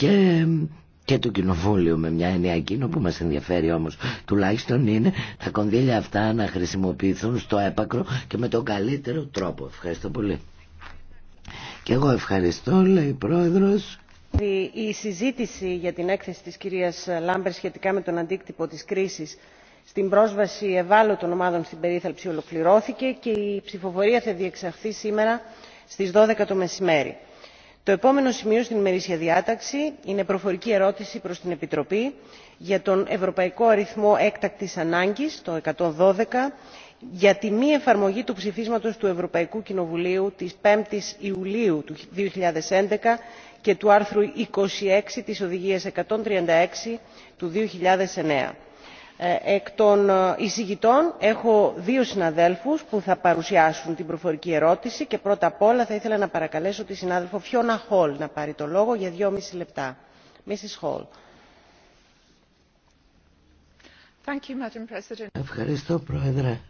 και, και το κοινοβούλιο με μια έννοια εκείνο που μας ενδιαφέρει όμως τουλάχιστον είναι τα κονδύλια αυτά να χρησιμοποιηθούν στο έπακρο και με τον καλύτερο τρόπο. Ευχαριστώ πολύ. Και εγώ ευχαριστώ, λέει πρόεδρος. Η συζήτηση για την έκθεση της κυρίας Λάμπερ σχετικά με τον αντίκτυπο της κρίσης στην πρόσβαση ευάλωτων ομάδων στην περίθαλψη ολοκληρώθηκε και η ψηφοφορία θα διεξαχθεί σήμερα στις 12 το μεσημέρι το επόμενο σημείο στην ημερήσια διάταξη είναι προφορική ερώτηση προς την επιτροπή για τον ευρωπαϊκό αριθμό έκτακτης ανάγκης το 112 για τη μη εφαρμογή του ψηφίσματος του ευρωπαϊκού κοινοβουλίου της 5ης Ιουλίου του 2011 και του άρθρου 26 της οδηγίας 136 του 2009 ε, εκ των ε, εισηγητών έχω δύο συναδέλφους που θα παρουσιάσουν την προφορική ερώτηση και πρώτα απ' όλα θα ήθελα να παρακαλέσω τη συνάδελφο φιόνα χολ να πάρει το λόγο για μισή λεπτά. Ευχαριστώ Πρόεδρε.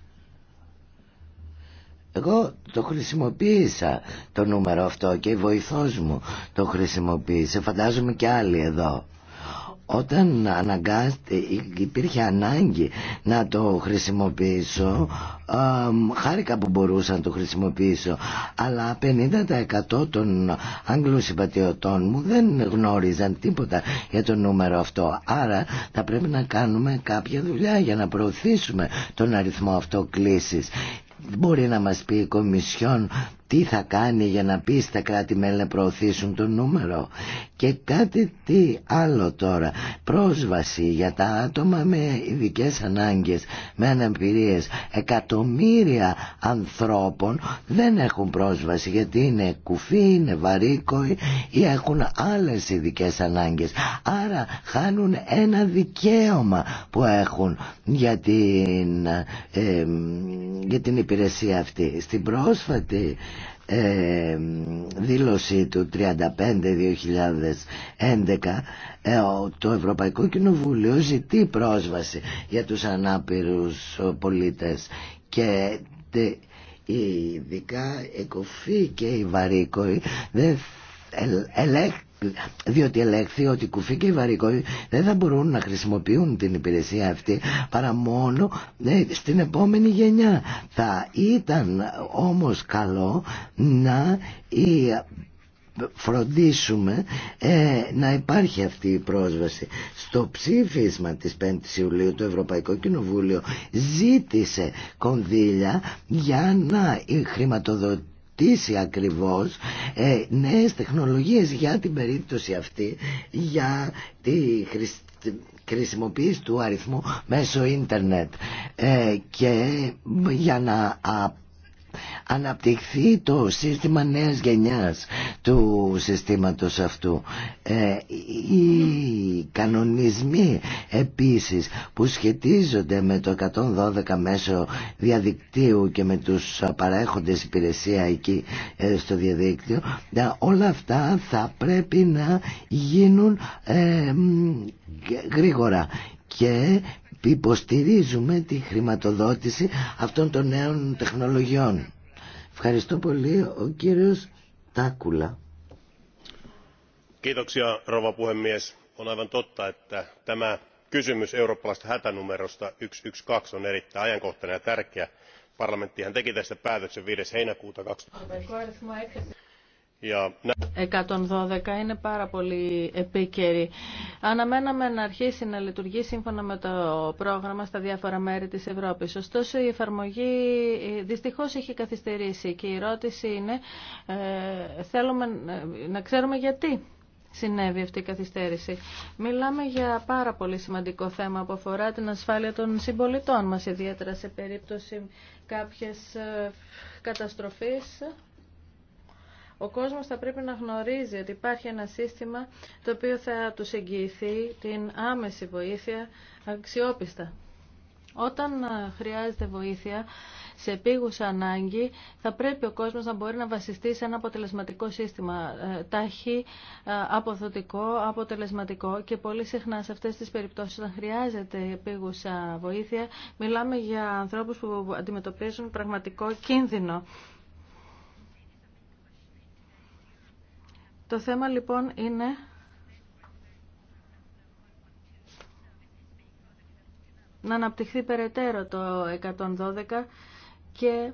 Εγώ το χρησιμοποίησα το νούμερο αυτό και η βοηθός μου το χρησιμοποίησε. Φαντάζομαι και άλλοι εδώ όταν υπήρχε ανάγκη να το χρησιμοποιήσω χάρηκα που μπορούσα να το χρησιμοποιήσω αλλά 50% των Άγγλων συμπατιωτών μου δεν γνώριζαν τίποτα για το νούμερο αυτό άρα θα πρέπει να κάνουμε κάποια δουλειά για να προωθήσουμε τον αριθμό αυτό κλήσης μπορεί να μας πει η Κομισιόν τι θα κάνει για να πει στα κράτη-μέλη να προωθήσουν το νούμερο. Και κάτι τι άλλο τώρα. Πρόσβαση για τα άτομα με ειδικέ ανάγκες, με αναπηρίες. Εκατομμύρια ανθρώπων δεν έχουν πρόσβαση γιατί είναι κουφοί, είναι βαρύκοοι ή έχουν άλλες ειδικέ ανάγκες. Άρα χάνουν ένα δικαίωμα που έχουν για την, ε, για την υπηρεσία αυτή. Στην πρόσφατη δήλωση του 35-2011 ε, το Ευρωπαϊκό Κοινοβούλιο ζητεί πρόσβαση για τους ανάπηρους πολίτες και ειδικά η Κοφή και η Βαρύκοη δεν ελέγχει διότι ελέγχθη ότι οι και οι δεν θα μπορούν να χρησιμοποιούν την υπηρεσία αυτή παρά μόνο ε, στην επόμενη γενιά. Θα ήταν όμως καλό να ε, φροντίσουμε ε, να υπάρχει αυτή η πρόσβαση. Στο ψήφισμα της 5ης Ιουλίου το Ευρωπαϊκό Κοινοβούλιο ζήτησε κονδύλια για να χρηματοδοτήσει αποκτήσει ακριβώς ε, νέες τεχνολογίες για την περίπτωση αυτή, για τη χρησιμοποίηση του αριθμού μέσω ίντερνετ ε, και για να αναπτυχθεί το σύστημα νέας γενιάς του συστήματος αυτού. Ε, οι κανονισμοί επίσης που σχετίζονται με το 112 μέσο διαδικτύου και με τους παρέχοντες υπηρεσία εκεί ε, στο διαδίκτυο, ε, όλα αυτά θα πρέπει να γίνουν γρήγορα και υποστηρίζουμε τη χρηματοδότηση αυτών των νέων τεχνολογιών. Ευχαριστώ πολύ ο κύριος Τάκουλα. Kiitoksia rouva puhemies. On aivan totta, että tämä kysymys eurooppalaista hätänumerosta 112 on erittäin ajankohtainen ja tärkeä. Parlamenttihan teki tästä päätöksen 5. heinäkuuta 2020. 112 είναι πάρα πολύ επίκαιρη. Αναμέναμε να αρχίσει να λειτουργεί σύμφωνα με το πρόγραμμα στα διάφορα μέρη της Ευρώπης. Ωστόσο η εφαρμογή ε, δυστυχώς έχει καθυστερήσει και η ερώτηση είναι ε, θέλουμε ε, να ξέρουμε γιατί συνέβη αυτή η καθυστέρηση. Μιλάμε για πάρα πολύ σημαντικό θέμα που αφορά την ασφάλεια των συμπολιτών μας, ιδιαίτερα σε περίπτωση κάποιες καταστροφής ο κόσμος θα πρέπει να γνωρίζει ότι υπάρχει ένα σύστημα το οποίο θα τους εγγυηθεί την άμεση βοήθεια αξιόπιστα. Όταν ε, χρειάζεται βοήθεια σε επίγουσα ανάγκη, θα πρέπει ο κόσμος να μπορεί να βασιστεί σε ένα αποτελεσματικό σύστημα, ε, τάχη, ε, αποδοτικό, αποτελεσματικό και πολύ συχνά σε αυτές τις περιπτώσεις όταν χρειάζεται επίγουσα βοήθεια, μιλάμε για ανθρώπους που αντιμετωπίζουν πραγματικό κίνδυνο. Το θέμα λοιπόν είναι να αναπτυχθεί περαιτέρω το 112 και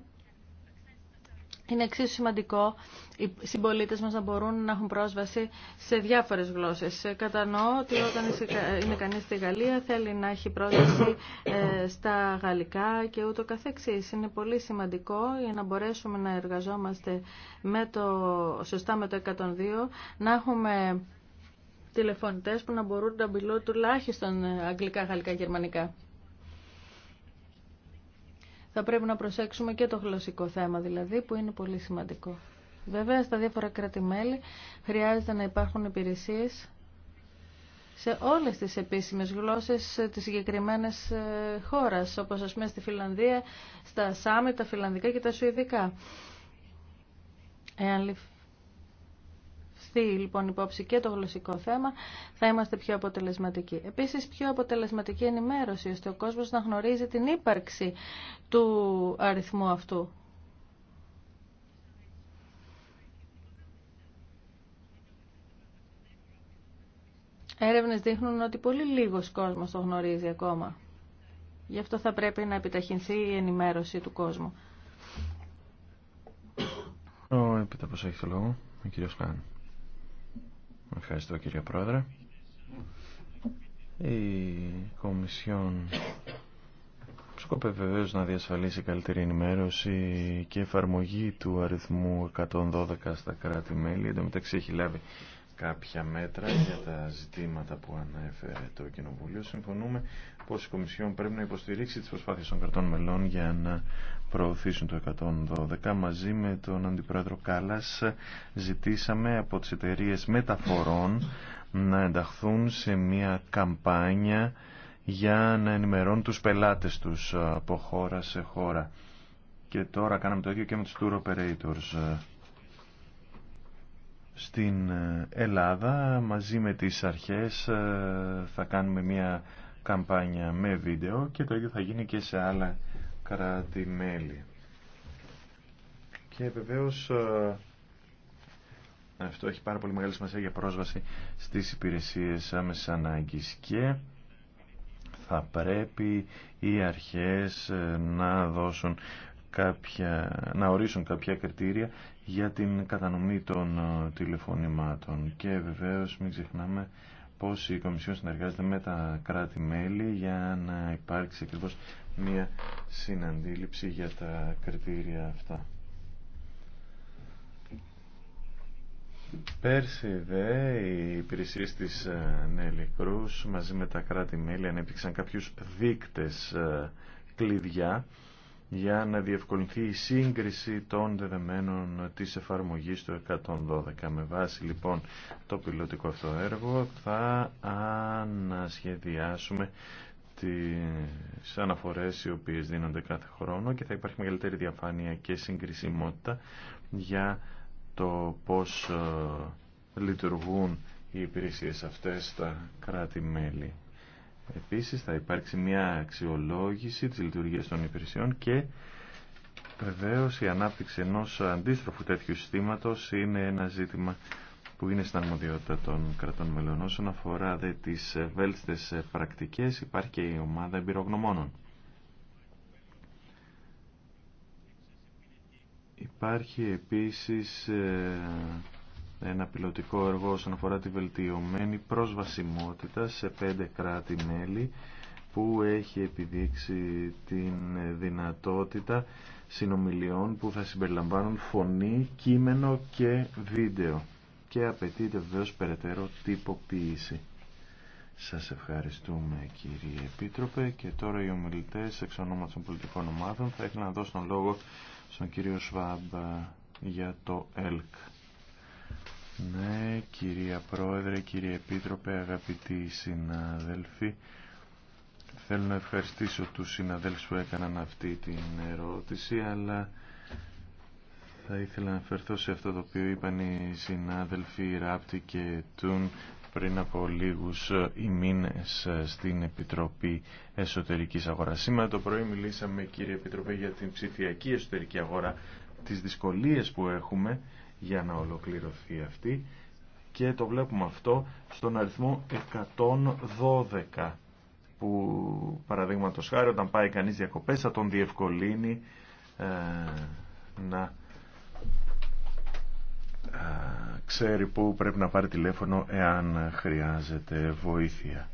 είναι εξίσου σημαντικό οι συμπολίτε μα να μπορούν να έχουν πρόσβαση σε διάφορε γλώσσε. Κατανοώ ότι όταν είναι κανεί στη Γαλλία θέλει να έχει πρόσβαση ε, στα γαλλικά και ούτω καθεξής. Είναι πολύ σημαντικό για να μπορέσουμε να εργαζόμαστε με το, σωστά με το 102, να έχουμε τηλεφωνητές που να μπορούν να μιλούν τουλάχιστον αγγλικά, γαλλικά, γερμανικά θα πρέπει να προσέξουμε και το γλωσσικό θέμα δηλαδή που είναι πολύ σημαντικό. Βέβαια στα διάφορα κράτη-μέλη χρειάζεται να υπάρχουν υπηρεσίες σε όλες τις επίσημες γλώσσες της συγκεκριμένη ε, χώρας, όπως ας πούμε στη Φιλανδία, στα Σάμι, τα Φιλανδικά και τα Σουηδικά. Εάν ληφθεί λοιπόν υπόψη και το γλωσσικό θέμα, θα είμαστε πιο αποτελεσματικοί. Επίσης, πιο αποτελεσματική ενημέρωση, ώστε ο κόσμος να γνωρίζει την ύπαρξη του αριθμού αυτού. Έρευνες δείχνουν ότι πολύ λίγος κόσμος το γνωρίζει ακόμα. Γι' αυτό θα πρέπει να επιταχυνθεί η ενημέρωση του κόσμου. Ο Επίτροπος το λόγο, ο κύριος Ευχαριστώ κύριε Πρόεδρε. Η Κομισιόν σκοπεύει βεβαίως να διασφαλίσει καλύτερη ενημέρωση και εφαρμογή του αριθμού 112 στα κράτη-μέλη. Εν τω μεταξύ έχει λάβει κάποια μέτρα για τα ζητήματα που ανέφερε το Κοινοβούλιο. Συμφωνούμε πως η Κομισιόν πρέπει να υποστηρίξει τις προσπάθειες των κρατών μελών για να προωθήσουν το 112. Μαζί με τον Αντιπρόεδρο Κάλλας ζητήσαμε από τις εταιρείε μεταφορών να ενταχθούν σε μια καμπάνια για να ενημερώνουν τους πελάτες τους από χώρα σε χώρα. Και τώρα κάναμε το ίδιο και με τους tour operators στην Ελλάδα μαζί με τις αρχές θα κάνουμε μια καμπάνια με βίντεο και το ίδιο θα γίνει και σε άλλα κράτη-μέλη. Και βεβαίως ε, αυτό έχει πάρα πολύ μεγάλη σημασία για πρόσβαση στις υπηρεσίες άμεσης ανάγκης και θα πρέπει οι αρχές ε, να δώσουν κάποια, να ορίσουν κάποια κριτήρια για την κατανομή των ε, τηλεφωνημάτων και βεβαίως μην ξεχνάμε πώς η Κομισιόν συνεργάζεται με τα κράτη-μέλη για να υπάρξει ακριβώς μία συναντήληψη για τα κριτήρια αυτά. Πέρσι δε οι υπηρεσίες της ε, Νέλη μαζί με τα κράτη-μέλη ανέπτυξαν κάποιους δείκτες ε, κλειδιά για να διευκολυνθεί η σύγκριση των δεδομένων της εφαρμογής του 112. Με βάση λοιπόν το πιλωτικό αυτό έργο θα ανασχεδιάσουμε τις αναφορές οι οποίες δίνονται κάθε χρόνο και θα υπάρχει μεγαλύτερη διαφάνεια και συγκρισιμότητα για το πώς ε, λειτουργούν οι υπηρεσίες αυτές στα κράτη-μέλη. Επίσης θα υπάρξει μια αξιολόγηση της λειτουργίας των υπηρεσιών και βεβαίω η ανάπτυξη ενός αντίστροφου τέτοιου συστήματος είναι ένα ζήτημα που είναι στην αρμοδιότητα των κρατών μελών. Όσον αφορά δε τις βέλτιστες πρακτικές υπάρχει και η ομάδα εμπειρογνωμόνων. Υπάρχει επίσης ε, ένα πιλωτικό έργο όσον αφορά τη βελτιωμένη προσβασιμότητα σε πέντε κράτη-μέλη που έχει επιδείξει την δυνατότητα συνομιλιών που θα συμπεριλαμβάνουν φωνή, κείμενο και βίντεο και απαιτείται βεβαίως περαιτέρω τυποποίηση. Σας ευχαριστούμε κύριε Επίτροπε και τώρα οι ομιλητές εξ ονόματος των πολιτικών ομάδων θα ήθελα να δώσω τον λόγο στον κύριο Σβάμπ για το ΕΛΚ. Ναι, κυρία Πρόεδρε, κύριε Επίτροπε, αγαπητοί συναδέλφοι. Θέλω να ευχαριστήσω τους συναδέλφους που έκαναν αυτή την ερώτηση, αλλά θα ήθελα να αφαιρθώ σε αυτό το οποίο είπαν οι συνάδελφοι Ράπτη και Τούν πριν από λίγους ημίνες στην Επιτροπή Εσωτερικής Αγοράς. Σήμερα το πρωί μιλήσαμε, κύριε Επιτροπέ, για την ψηφιακή εσωτερική αγορά, τις δυσκολίες που έχουμε για να ολοκληρωθεί αυτή και το βλέπουμε αυτό στον αριθμό 112 που παραδείγματο χάρη όταν πάει κανείς διακοπές θα τον διευκολύνει ε, να ε, ξέρει που πρέπει να πάρει τηλέφωνο εάν χρειάζεται βοήθεια.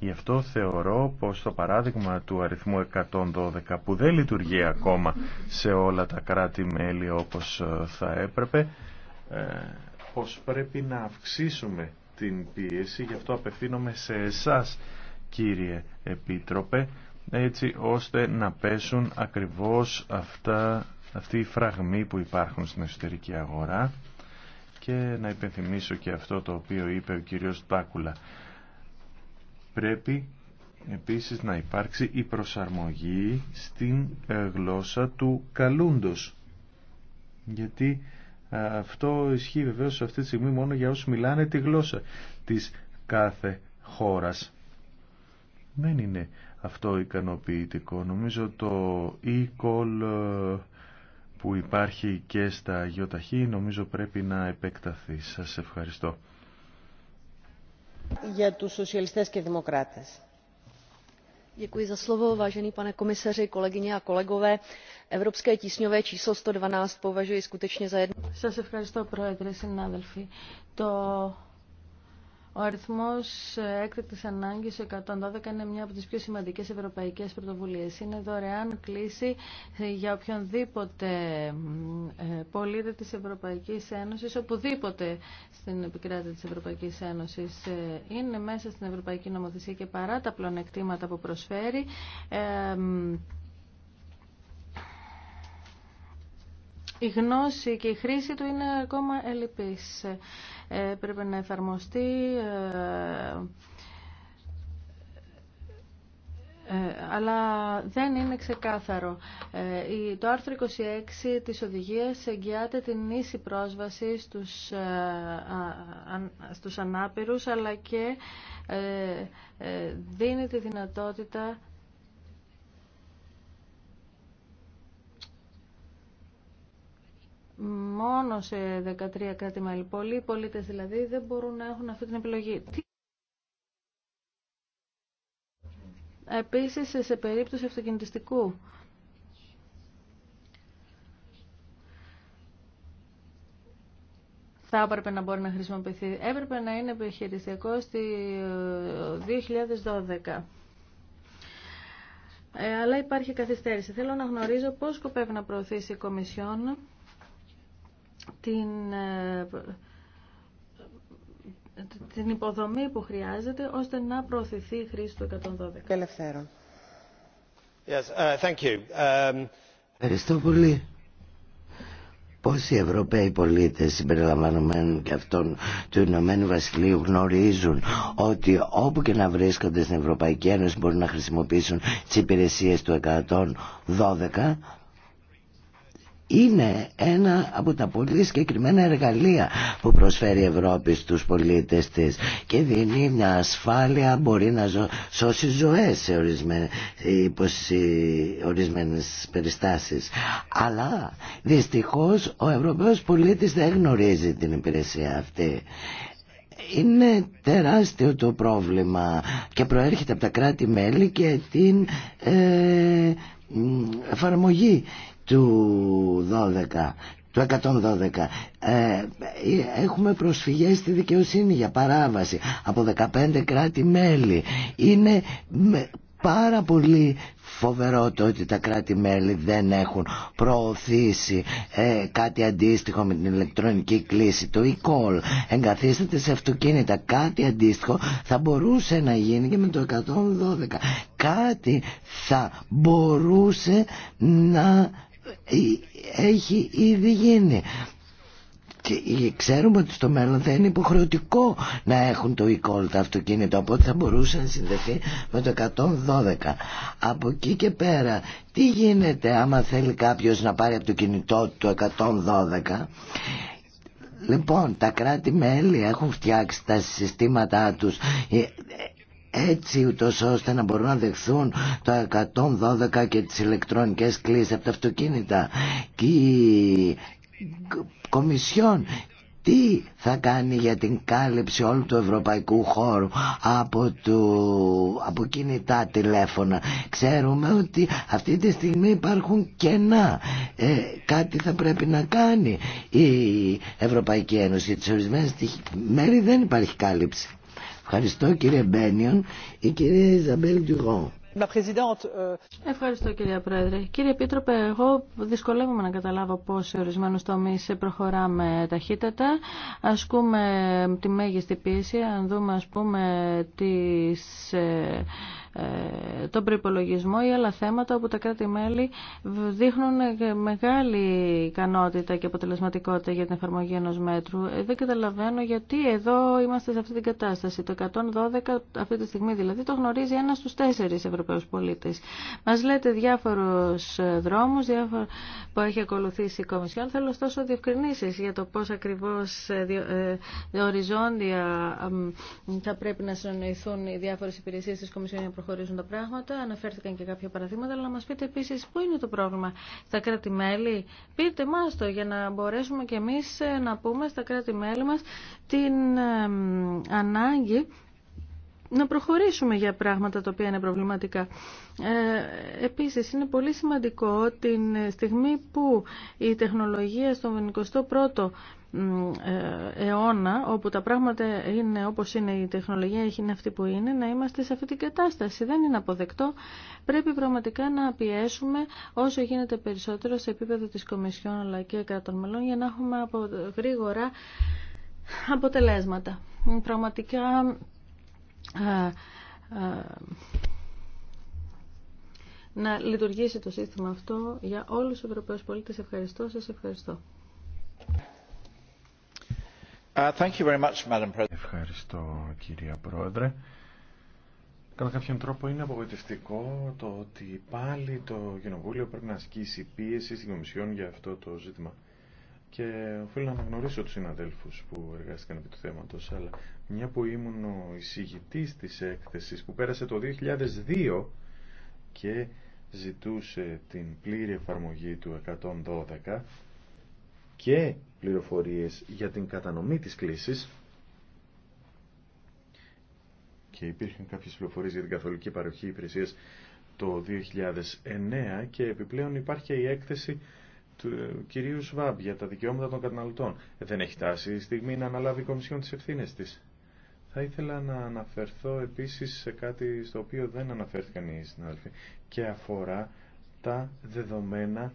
Γι' αυτό θεωρώ πως το παράδειγμα του αριθμού 112 που δεν λειτουργεί ακόμα σε όλα τα κράτη-μέλη όπως ε, θα έπρεπε ε, πως πρέπει να αυξήσουμε την πίεση. Γι' αυτό απευθύνομαι σε εσάς κύριε Επίτροπε έτσι ώστε να πέσουν ακριβώς αυτά, αυτοί οι φραγμοί που υπάρχουν στην εσωτερική αγορά και να υπενθυμίσω και αυτό το οποίο είπε ο κύριος Τάκουλα πρέπει επίσης να υπάρξει η προσαρμογή στην ε, γλώσσα του καλούντος. Γιατί ε, αυτό ισχύει βεβαίως σε αυτή τη στιγμή μόνο για όσους μιλάνε τη γλώσσα της κάθε χώρας. Δεν είναι αυτό ικανοποιητικό. Νομίζω το e-call ε, που υπάρχει και στα γιοταχή νομίζω πρέπει να επεκταθεί. Σας ευχαριστώ pane komisaři, kolegyně a kolegové. Evropské tísňové číslo 112 považuji skutečně za jedno. Ο αριθμό ε, έκτακτη ανάγκης 112 είναι μια από τις πιο σημαντικές ευρωπαϊκές πρωτοβουλίε. Είναι δωρεάν κλίση ε, για οποιονδήποτε ε, πολίτη της Ευρωπαϊκής Ένωση, οπουδήποτε στην επικράτεια της Ευρωπαϊκής Ένωση, Είναι μέσα στην Ευρωπαϊκή Νομοθεσία και παρά τα πλονεκτήματα που προσφέρει, η γνώση και η χρήση του είναι ακόμα ελλειπής. Ε, πρέπει να εφαρμοστεί ε, ε, αλλά δεν είναι ξεκάθαρο. Ε, το άρθρο 26 της οδηγίας εγγυάται την ίση πρόσβαση στους, στους ανάπηρους αλλά και δίνει τη δυνατότητα μόνο σε 13 κράτη-μέλη. Πολλοί πολίτες δηλαδή δεν μπορούν να έχουν αυτή την επιλογή. Επίσης σε περίπτωση αυτοκινητιστικού. θα έπρεπε να μπορεί να χρησιμοποιηθεί. Έπρεπε να είναι επιχειρησιακό στη 2012. Ε, ε, αλλά υπάρχει καθυστέρηση. Θέλω να γνωρίζω πώς σκοπεύει να προωθήσει η Κομισιόν την ε, την υποδομή που χρειάζεται ώστε να προωθηθεί η χρήση του 112. Ελευθέρω. Yes, uh, thank you. Um... Ευχαριστώ πολύ. Πόσοι Ευρωπαίοι πολίτες συμπεριλαμβανομένων και αυτών του Ηνωμένου Βασιλείου γνωρίζουν ότι όπου και να βρίσκονται στην Ευρωπαϊκή Ένωση μπορούν να χρησιμοποιήσουν τις υπηρεσίες του 112 είναι ένα από τα πολύ συγκεκριμένα εργαλεία που προσφέρει η Ευρώπη στους πολίτες της και δίνει μια ασφάλεια, μπορεί να σώσει ζωές σε ορισμένες, περιστάσεις. Αλλά δυστυχώς ο Ευρωπαίος πολίτης δεν γνωρίζει την υπηρεσία αυτή. Είναι τεράστιο το πρόβλημα και προέρχεται από τα κράτη-μέλη και την ε, εφαρμογή του 12 Του 112 ε, ε, έχουμε προσφυγές στη δικαιοσύνη για παράβαση από 15 κράτη-μέλη είναι πάρα πολύ φοβερό το ότι τα κράτη-μέλη δεν έχουν προωθήσει ε, κάτι αντίστοιχο με την ηλεκτρονική κλίση, το e-call. Εγκαθίσταται σε αυτοκίνητα. Κάτι αντίστοιχο θα μπορούσε να γίνει και με το 112. Κάτι θα μπορούσε να ε, έχει ήδη γίνει και ε, ξέρουμε ότι στο μέλλον θα είναι υποχρεωτικό να έχουν το e-call τα αυτοκίνητα οπότε θα μπορούσε να συνδεθεί με το 112 από εκεί και πέρα τι γίνεται άμα θέλει κάποιος να πάρει από το κινητό του το 112 Λοιπόν, τα κράτη-μέλη έχουν φτιάξει τα συστήματά τους ε, έτσι ούτως ώστε να μπορούν να δεχθούν τα 112 και τις ηλεκτρονικές κλήσεις από τα αυτοκίνητα και η Κομισιόν τι θα κάνει για την κάλυψη όλου του ευρωπαϊκού χώρου από, του, από κινητά τηλέφωνα. Ξέρουμε ότι αυτή τη στιγμή υπάρχουν κενά. Ε, κάτι θα πρέπει να κάνει η Ευρωπαϊκή Ένωση. Σε ορισμένες μέρη δεν υπάρχει κάλυψη. Ευχαριστώ κύριε Μπένιον. Η κύριε Ιζαμπέλ Ντουγόν. Ε, Ευχαριστώ κύριε Πρόεδρε. Κύριε Επίτροπε, εγώ δυσκολεύομαι να καταλάβω πώ σε ορισμένου τομεί προχωράμε ταχύτατα. Ασκούμε τη μέγιστη πίεση, αν δούμε ας πούμε τις ε, ε, τον προπολογισμό ή άλλα θέματα όπου τα κράτη-μέλη δείχνουν μεγάλη ικανότητα και αποτελεσματικότητα για την εφαρμογή ενό μέτρου. Ε, δεν καταλαβαίνω γιατί εδώ είμαστε σε αυτή την κατάσταση. Το 112 αυτή τη στιγμή δηλαδή το γνωρίζει ένα στου τέσσερι Ευρωπαίου πολίτε. Μα λέτε διάφορου δρόμου διάφορο... που έχει ακολουθήσει η Κομισιόν. Θέλω ωστόσο διευκρινήσει για το πώ ακριβώ ε, οριζόντια θα πρέπει να συνοηθούν οι διάφορε υπηρεσίε τη Κομισιόν προχωρήσουν τα πράγματα. Αναφέρθηκαν και κάποια παραδείγματα, αλλά να μα πείτε επίση πού είναι το πρόβλημα στα κράτη-μέλη. Πείτε μας το για να μπορέσουμε κι εμεί ε, να πούμε στα κράτη-μέλη μα την ανάγκη να προχωρήσουμε για πράγματα τα οποία είναι προβληματικά. Ε, επίσης, είναι πολύ σημαντικό την ε, στιγμή που η τεχνολογία στον 21ο ε, αιώνα όπου τα πράγματα είναι όπως είναι η τεχνολογία είναι αυτή που είναι να είμαστε σε αυτή την κατάσταση δεν είναι αποδεκτό πρέπει πραγματικά να πιέσουμε όσο γίνεται περισσότερο σε επίπεδο της Κομισιόν αλλά και κρατών μελών για να έχουμε από γρήγορα αποτελέσματα πραγματικά ε, ε, να λειτουργήσει το σύστημα αυτό για όλους τους Ευρωπαίους πολίτες. Ευχαριστώ, σας ευχαριστώ. Uh, Ευχαριστώ κυρία Πρόεδρε. Κατά κάποιον τρόπο είναι απογοητευτικό το ότι πάλι το Κοινοβούλιο πρέπει να ασκήσει πίεση στην Κομισιόν για αυτό το ζήτημα. Και οφείλω να αναγνωρίσω τους συναδέλφους που εργάστηκαν επί του θέματος, αλλά μια που ήμουν ο εισηγητής της έκθεσης που πέρασε το 2002 και ζητούσε την πλήρη εφαρμογή του 112, και πληροφορίες για την κατανομή της κλίσης και υπήρχαν κάποιες πληροφορίες για την καθολική παροχή υπηρεσίας το 2009 και επιπλέον υπάρχει η έκθεση του κυρίου Σβάμπ για τα δικαιώματα των καταναλωτών. Δεν έχει τάση η στιγμή να αναλάβει η Κομισιόν τις ευθύνες της. Θα ήθελα να αναφερθώ επίσης σε κάτι στο οποίο δεν αναφέρθηκαν οι συνάδελφοι και αφορά τα δεδομένα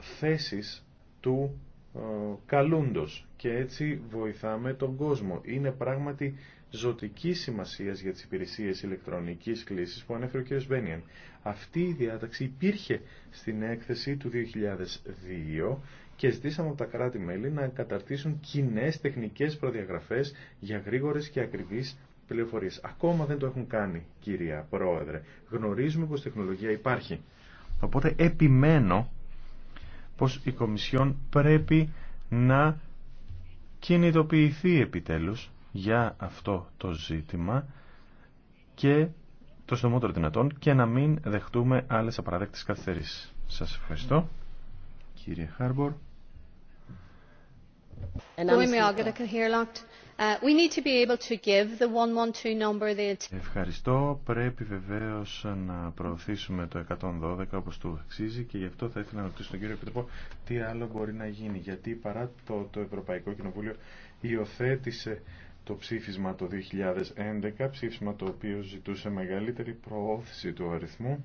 θέσεις του ε, καλούντος και έτσι βοηθάμε τον κόσμο. Είναι πράγματι ζωτική σημασία για τις υπηρεσίες ηλεκτρονικής κλήσης που ανέφερε ο κ. Μπένιαν. Αυτή η διάταξη υπήρχε στην έκθεση του 2002 και ζητήσαμε από τα κράτη-μέλη να καταρτήσουν κοινέ τεχνικές προδιαγραφές για γρήγορες και ακριβείς πληροφορίες. Ακόμα δεν το έχουν κάνει, κυρία Πρόεδρε. Γνωρίζουμε πως τεχνολογία υπάρχει. Οπότε επιμένω πως η Κομισιόν πρέπει να κινητοποιηθεί επιτέλους για αυτό το ζήτημα και το των δυνατόν και να μην δεχτούμε άλλες απαραδέκτες καθυστερήσεις. Σας ευχαριστώ κύριε Χάρμπορ. Ευχαριστώ. Πρέπει βεβαίω να προωθήσουμε το 112 όπω του αξίζει και γι' αυτό θα ήθελα να ρωτήσω τον κύριο Επιτροπό τι άλλο μπορεί να γίνει. Γιατί παρά το, το Ευρωπαϊκό Κοινοβούλιο υιοθέτησε το ψήφισμα το 2011, ψήφισμα το οποίο ζητούσε μεγαλύτερη προώθηση του αριθμού,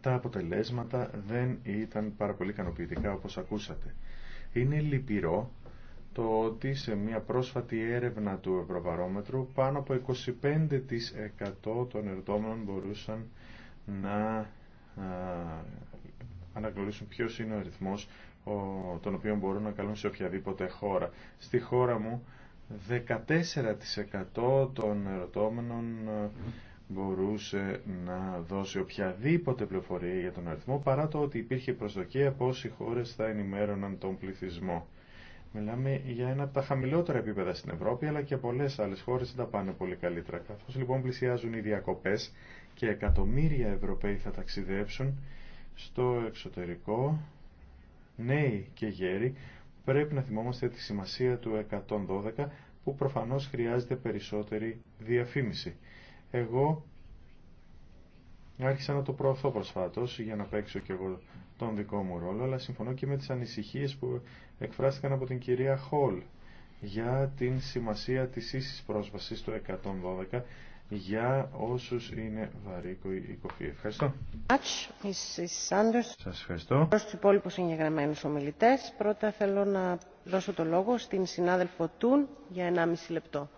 τα αποτελέσματα δεν ήταν πάρα πολύ ικανοποιητικά όπως ακούσατε. Είναι λυπηρό το ότι σε μια πρόσφατη έρευνα του Ευρωβαρόμετρου πάνω από 25% των ερωτώμενων μπορούσαν να αναγνωρίσουν ποιος είναι ο αριθμός τον οποίο μπορούν να καλούν σε οποιαδήποτε χώρα. Στη χώρα μου 14% των ερωτώμενων μπορούσε να δώσει οποιαδήποτε πληροφορία για τον αριθμό παρά το ότι υπήρχε προσδοκία πως οι χώρες θα ενημέρωναν τον πληθυσμό. Μιλάμε για ένα από τα χαμηλότερα επίπεδα στην Ευρώπη, αλλά και πολλέ άλλε χώρες δεν τα πάνε πολύ καλύτερα. Καθώ λοιπόν πλησιάζουν οι διακοπές και εκατομμύρια Ευρωπαίοι θα ταξιδέψουν στο εξωτερικό, νέοι και γέροι, πρέπει να θυμόμαστε τη σημασία του 112 που προφανώς χρειάζεται περισσότερη διαφήμιση. Εγώ Άρχισα να το προωθώ προσφάτω, για να παίξω και εγώ τον δικό μου ρόλο, αλλά συμφωνώ και με τις ανησυχίες που εκφράστηκαν από την κυρία Χολ για την σημασία της ίσης πρόσβασης του 112 για όσους είναι βαρύκοοι οικοφοί. Ευχαριστώ. Σας ευχαριστώ. Προς τους υπόλοιπους εγγεγραμμένους ομιλητές, πρώτα θέλω να δώσω το λόγο στην συνάδελφο Τούν για 1,5 λεπτό.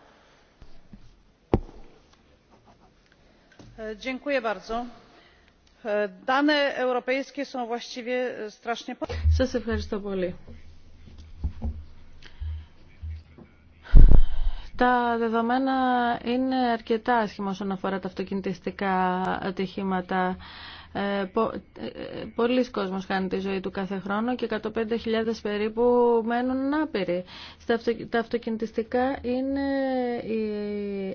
Σας ευχαριστώ πολύ. Τα δεδομένα είναι αρκετά άσχημα όσον αφορά τα αυτοκινητιστικά ατυχήματα. Ε, ε, πολλοί κόσμος χάνει τη ζωή του κάθε χρόνο και 105.000 περίπου μένουν άπειροι. Τα αυτοκινητιστικά είναι η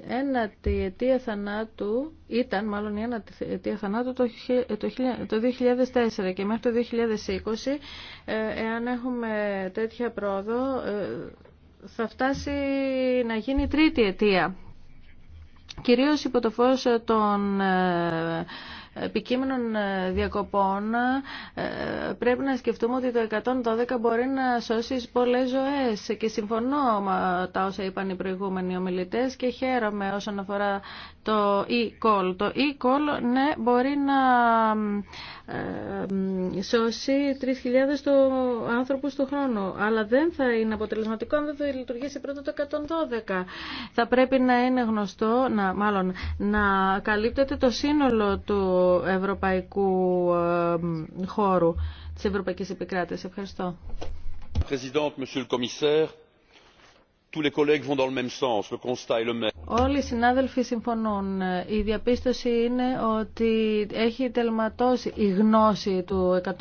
ένατη αιτία θανάτου, ήταν μάλλον η ένατη αιτία θανάτου το 2004 και μέχρι το 2020 ε, εάν έχουμε τέτοια πρόοδο θα φτάσει να γίνει τρίτη αιτία. Κυρίως υπό το φως των επικείμενων ε, διακοπών ε, πρέπει να σκεφτούμε ότι το 112 μπορεί να σώσει πολλές ζωές και συμφωνώ με τα όσα είπαν οι προηγούμενοι ομιλητές και χαίρομαι όσον αφορά το e-call. Το e-call ναι, μπορεί να ε, σώσει 3.000 το άνθρωπους του χρόνο, αλλά δεν θα είναι αποτελεσματικό αν δεν θα λειτουργήσει πρώτα το 112. Θα πρέπει να είναι γνωστό, να, μάλλον να καλύπτεται το σύνολο του ευρωπαϊκού ε, χώρου, της ευρωπαϊκής επικράτησης. Ευχαριστώ. Όλοι οι συνάδελφοι συμφωνούν. Η διαπίστωση είναι ότι έχει τελματώσει η γνώση του 112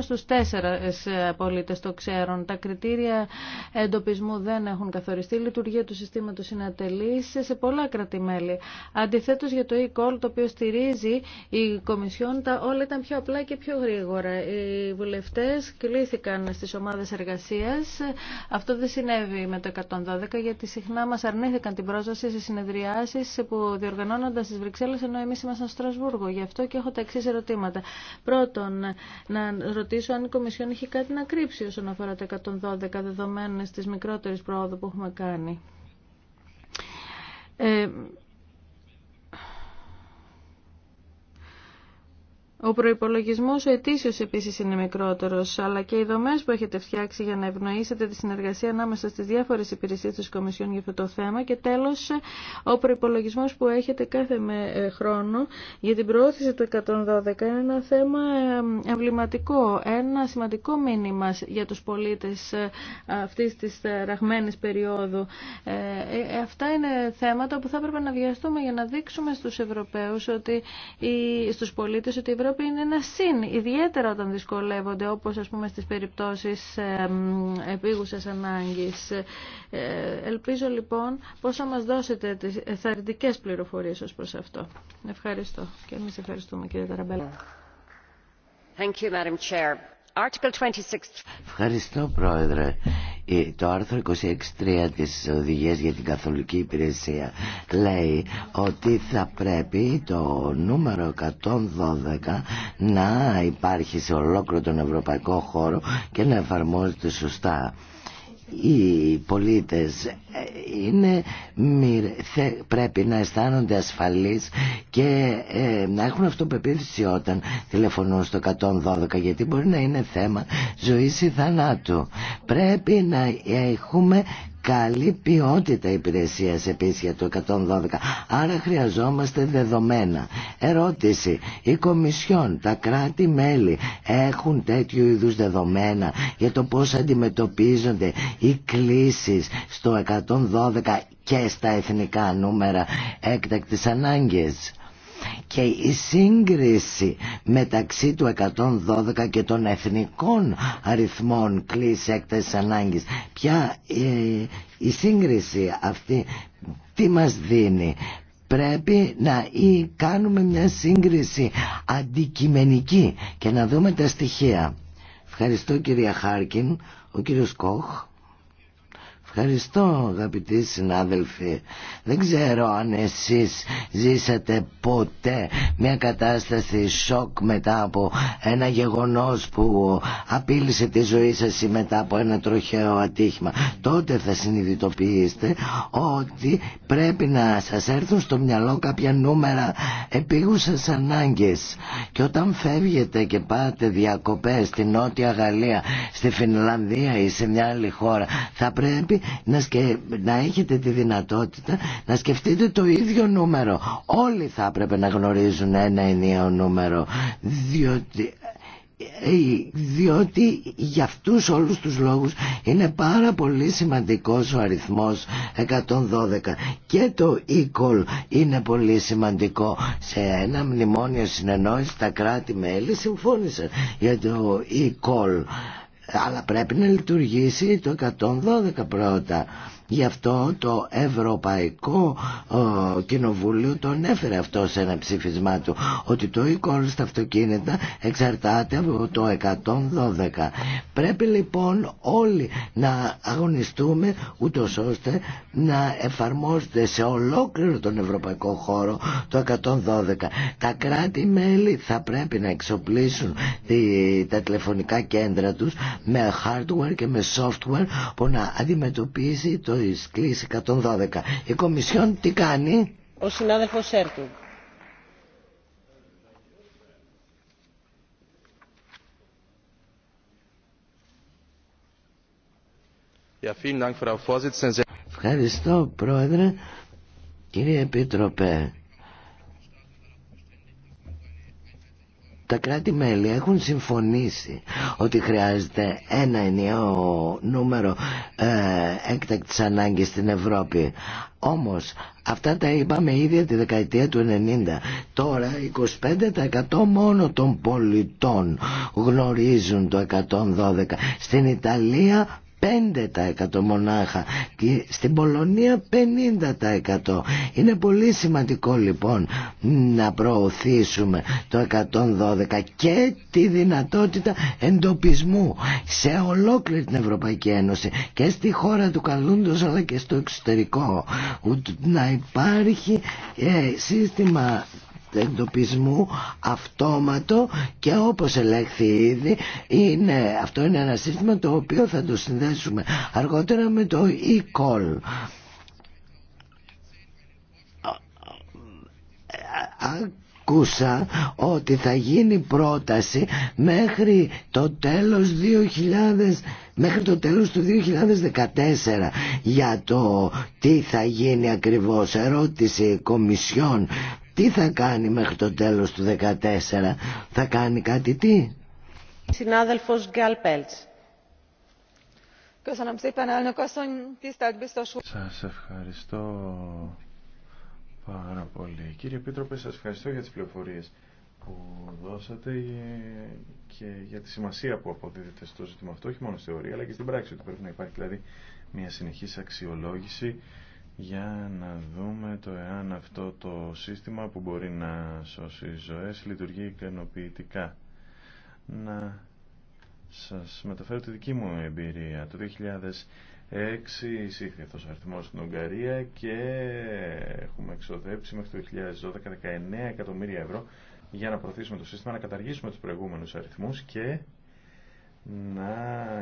στους τέσσερις ε, πολίτες το ξέρουν. Τα κριτήρια εντοπισμού δεν έχουν καθοριστεί. Η λειτουργία του συστήματος είναι ατελής σε πολλά κρατημέλη. Αντιθέτως για το e-call το οποίο στηρίζει η Κομισιόν τα όλα ήταν πιο απλά και πιο γρήγορα. Οι βουλευτές κλήθηκαν στις ομάδες εργασίας. Αυτό δεν συνέβη με το 112 γιατί συχνά μας αρνήθηκαν την πρόσβαση σε συνεδριάσει που διοργανώνονταν στις Βρυξέλλες ενώ εμείς ήμασταν στο Στρασβούργο. Γι' αυτό και έχω τα εξή ερωτήματα. Πρώτον, να ρωτήσω αν η Κομισιόν είχε κάτι να κρύψει όσον αφορά τα 112 δεδομένε τη μικρότερη πρόοδου που έχουμε κάνει. Ε, Ο προπολογισμό ο ετήσιο επίση είναι μικρότερο, αλλά και οι δομέ που έχετε φτιάξει για να ευνοήσετε τη συνεργασία ανάμεσα στι διάφορε υπηρεσίε τη Κομισιόν για αυτό το θέμα. Και τέλο, ο προπολογισμό που έχετε κάθε ε, χρόνο για την προώθηση του 112 είναι ένα θέμα ε, εμβληματικό, ένα σημαντικό μήνυμα για του πολίτε ε, αυτή τη ραγμένη περίοδου. Αυτά είναι θέματα που θα έπρεπε να βιαστούμε για να δείξουμε στου Ευρωπαίου, στου πολίτε, ότι η Ευρώπη οποίο είναι ένα συν, ιδιαίτερα όταν δυσκολεύονται, όπως ας πούμε στις περιπτώσεις επίγουσας ανάγκης. Ε, ελπίζω λοιπόν πώς θα μας δώσετε τις εθαρρυντικές πληροφορίες ως προς αυτό. Ευχαριστώ. Και εμείς ευχαριστούμε κύριε Ταραμπέλα. Ευχαριστώ Πρόεδρε. Ε, το άρθρο 26.3 της Οδηγίας για την Καθολική Υπηρεσία λέει ότι θα πρέπει το νούμερο 112 να υπάρχει σε ολόκληρο τον ευρωπαϊκό χώρο και να εφαρμόζεται σωστά οι πολίτες ε, είναι, πρέπει να αισθάνονται ασφαλείς και ε, να έχουν αυτοπεποίθηση όταν τηλεφωνούν στο 112 γιατί μπορεί να είναι θέμα ζωής ή θανάτου. Πρέπει να ε, έχουμε καλή ποιότητα υπηρεσίας επίσης για το 112. Άρα χρειαζόμαστε δεδομένα. Ερώτηση. Οι Κομισιόν, τα κράτη-μέλη έχουν τέτοιου είδους δεδομένα για το πώς αντιμετωπίζονται οι κλήσεις στο 112 και στα εθνικά νούμερα έκτακτης ανάγκης και η σύγκριση μεταξύ του 112 και των εθνικών αριθμών κλίση έκτασης ανάγκης ποια η, ε, η σύγκριση αυτή τι μας δίνει πρέπει να ή κάνουμε μια σύγκριση αντικειμενική και να δούμε τα στοιχεία. Ευχαριστώ κυρία Χάρκιν, ο κύριος Κόχ. Ευχαριστώ αγαπητοί συνάδελφοι. Δεν ξέρω αν εσείς ζήσατε ποτέ μια κατάσταση σοκ μετά από ένα γεγονός που απείλησε τη ζωή σας ή μετά από ένα τροχαίο ατύχημα. Τότε θα συνειδητοποιήσετε ότι πρέπει να σας έρθουν στο μυαλό κάποια νούμερα επίγουσας ανάγκες. Και όταν φεύγετε και πάτε διακοπές στη Νότια Γαλλία, στη Φινλανδία ή σε μια άλλη χώρα θα πρέπει να, σκε... να έχετε τη δυνατότητα να σκεφτείτε το ίδιο νούμερο. Όλοι θα έπρεπε να γνωρίζουν ένα ενιαίο νούμερο, διότι ε, για αυτούς όλους τους λόγους είναι πάρα πολύ σημαντικός ο αριθμός 112 και το e είναι πολύ σημαντικό σε ένα μνημόνιο συνεννόηση τα κράτη-μέλη συμφώνησαν για το e ε, αλλά πρέπει να λειτουργήσει το 112 πρώτα Γι' αυτό το Ευρωπαϊκό ε, Κοινοβούλιο τον έφερε αυτό σε ένα ψήφισμά του ότι το e-call στα αυτοκίνητα εξαρτάται από το 112. Πρέπει λοιπόν όλοι να αγωνιστούμε ούτω ώστε να εφαρμόζεται σε ολόκληρο τον ευρωπαϊκό χώρο το 112. Τα κράτη-μέλη θα πρέπει να εξοπλίσουν τα τηλεφωνικά κέντρα τους με hardware και με software που να αντιμετωπίζει το Συγχωρείς, κλείσει 112. Η Κομισιόν τι κάνει. Ο συνάδελφος Σέρτου Ευχαριστώ πρόεδρε. Κύριε Επίτροπε, τα κράτη-μέλη έχουν συμφωνήσει ότι χρειάζεται ένα ενιαίο νούμερο ε, έκτακτης ανάγκης στην Ευρώπη. Όμως αυτά τα είπαμε ήδη τη δεκαετία του 90. Τώρα 25% μόνο των πολιτών γνωρίζουν το 112. Στην Ιταλία 5% μονάχα και στην Πολωνία 50%. Είναι πολύ σημαντικό λοιπόν να προωθήσουμε το 112 και τη δυνατότητα εντοπισμού σε ολόκληρη την Ευρωπαϊκή Ένωση και στη χώρα του καλούντος αλλά και στο εξωτερικό να υπάρχει ε, σύστημα εντοπισμού αυτόματο και όπως ελέγχθη ήδη είναι, αυτό είναι ένα σύστημα το οποίο θα το συνδέσουμε αργότερα με το e-call Ακούσα ότι θα γίνει πρόταση μέχρι το τέλος 2000 μέχρι το τέλος του 2014 για το τι θα γίνει ακριβώς ερώτηση κομισιόν τι θα κάνει μέχρι το τέλος του 14. θα κάνει κάτι τι. Συνάδελφος Γκάλ Πέλτς. Σας ευχαριστώ πάρα πολύ. Κύριε Επίτροπε, σας ευχαριστώ για τις πληροφορίες που δώσατε και για τη σημασία που αποδίδεται στο ζήτημα αυτό, όχι μόνο στη θεωρία αλλά και στην πράξη, ότι πρέπει να υπάρχει δηλαδή μια συνεχής αξιολόγηση για να δούμε το εάν αυτό το σύστημα που μπορεί να σώσει ζωές λειτουργεί ικανοποιητικά. Να σας μεταφέρω τη δική μου εμπειρία. Το 2006 εισήχθη αυτός ο αριθμός στην Ουγγαρία και έχουμε εξοδέψει μέχρι το 2012 19 εκατομμύρια ευρώ για να προωθήσουμε το σύστημα, να καταργήσουμε τους προηγούμενους αριθμούς και να